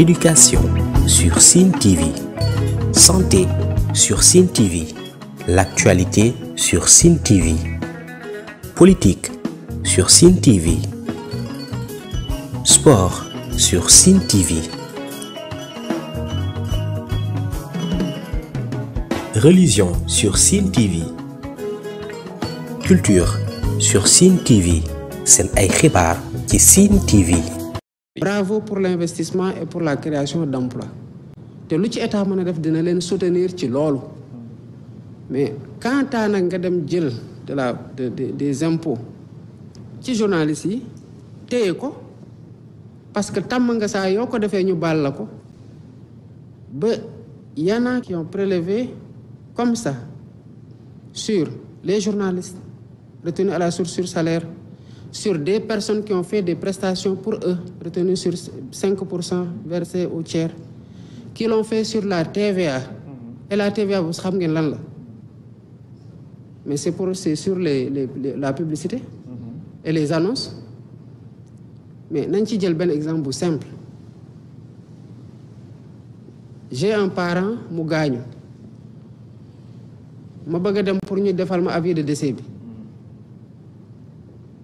Éducation sur Cine TV. Santé sur Cine TV. L'actualité sur Cine TV. Politique sur Cine TV. Sport sur Cine TV. Religion sur Cine TV. Culture sur Cine TV. c'est ay TV bravo pour l'investissement et pour la création d'emplois Té lu ci état a def dina len soutenir ci mais quand ta nak nga dem jël de la des impôts ci journalistes yi téé ko parce que tant nga ça yoo ko fait ñu la ba y en a qui ont prélevé comme ça sur les journalistes retenus à la source sur salaire sur des personnes qui ont fait des prestations pour eux, retenues sur 5% versées au tiers, qui l'ont fait sur la TVA. Et la TVA, vous savez Mais c'est pour c'est sur les, la publicité et les annonces. Mais vous donner un exemple simple. J'ai un parent, je gagne. Je veux pour nous faire ma avis de décès.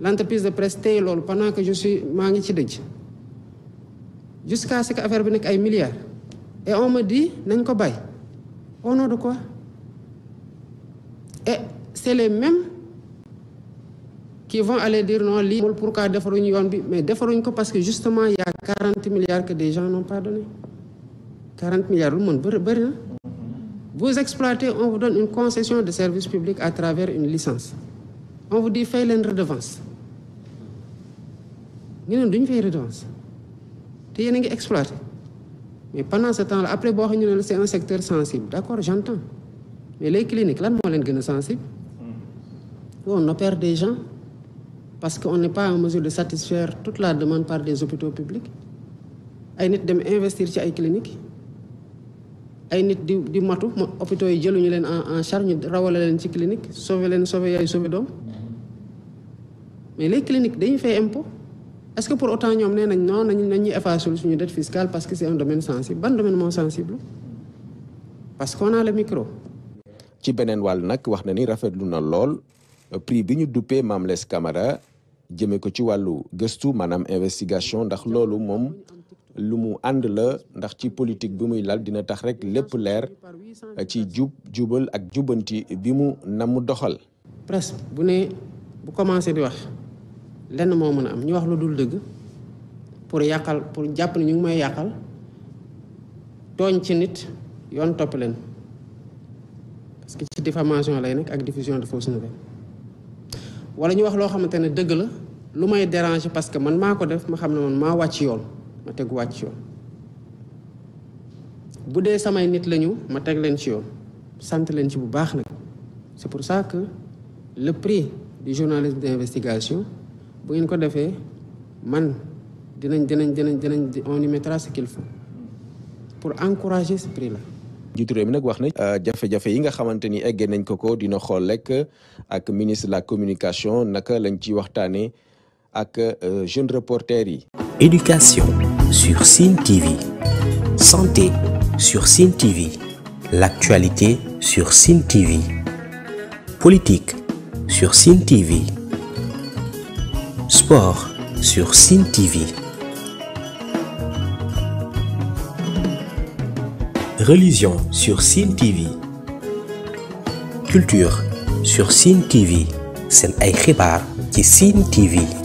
l'entreprise de Presté, pendant que je suis maa ci jusqu'à ce que affaire bi nekk ay milliards et on me dit nañ ko pas. au nom de quoi et c'est les mêmes qui vont aller dire non pourquoi defaruñ bi mais parce que justement il y a 40 milliards que des gens n'ont pas donné 40 milliards lu mën vous exploitez on vous donne une concession de service public à travers une licence on vous dit fay une redevance Nous ne une redevance te yéen mais pendant ce temps là après c'est un secteur sensible d'accord j'entends mais les cliniques là, moo les plus sensibles. Hmm. on opère des gens parce qu'on n'est pas en mesure de satisfaire toute la demande par des hôpitaux publics ay nit dem investir ci ay cliniques ay nit di di matu hôpitaux yi jëluñu leen en charge de rawale ci clinique sauver leen sauver yaay sauver doom mais les cliniques dañu fay impôt est-ce que pour autant ñom nee non nañ nañuy effacer suñu dette fiscale parce que c'est un domaine sensible ban domaine mo sensible parce qu'on a le micro. ci benen wal nak wax na ni rafetlu na lool prix biñu ñu mam les Camara jëmee ko ci walu gestu manam investigation ndax loolu mom lu mu ànd la ndax ci politique bi muy lal dina tax rek lepp leer ci djub djubal ak jubanti bi mu namu doxal. presse bu né bu commencer di wax lenn moo mën a am ñu wax lu dul dëgg pour yàqal pour jàpp ne ñu ngi may yàqal tooñ ci nit yoon topp leen parce que ci diffamation lay nekk ak diffusion de fausse nouvelle wala ñu wax loo xamante ne dëgg la lu may déranger parce que man maa ko def ma xam ne man maa wàcc yoon ma teg wàcc yoon bu dee samay nit lañu ma teg leen ci yoon sant leen ci bu baax nag c'est pour ça que le prix du journalisme d'investigation bu ngeen ko defee man dinañ dinañ dinañ dinañ on y mettra ce qu'il faut pour encourager ce prix là. jiitu réew mi nag wax na euh, jafe-jafe yi nga xamante ni eggee nañ ko ko dina xool rek ak ministre de la communication naka lañ ci waxtaanee ak euh, jeune reporter yi. éducation sur Cine TV santé sur Cine TV l'actualité sur Cine TV politique sur Cine TV sport sur Cine TV. Religion sur Cine TV. Culture sur Cine TV. C'est un écrit par Cine TV.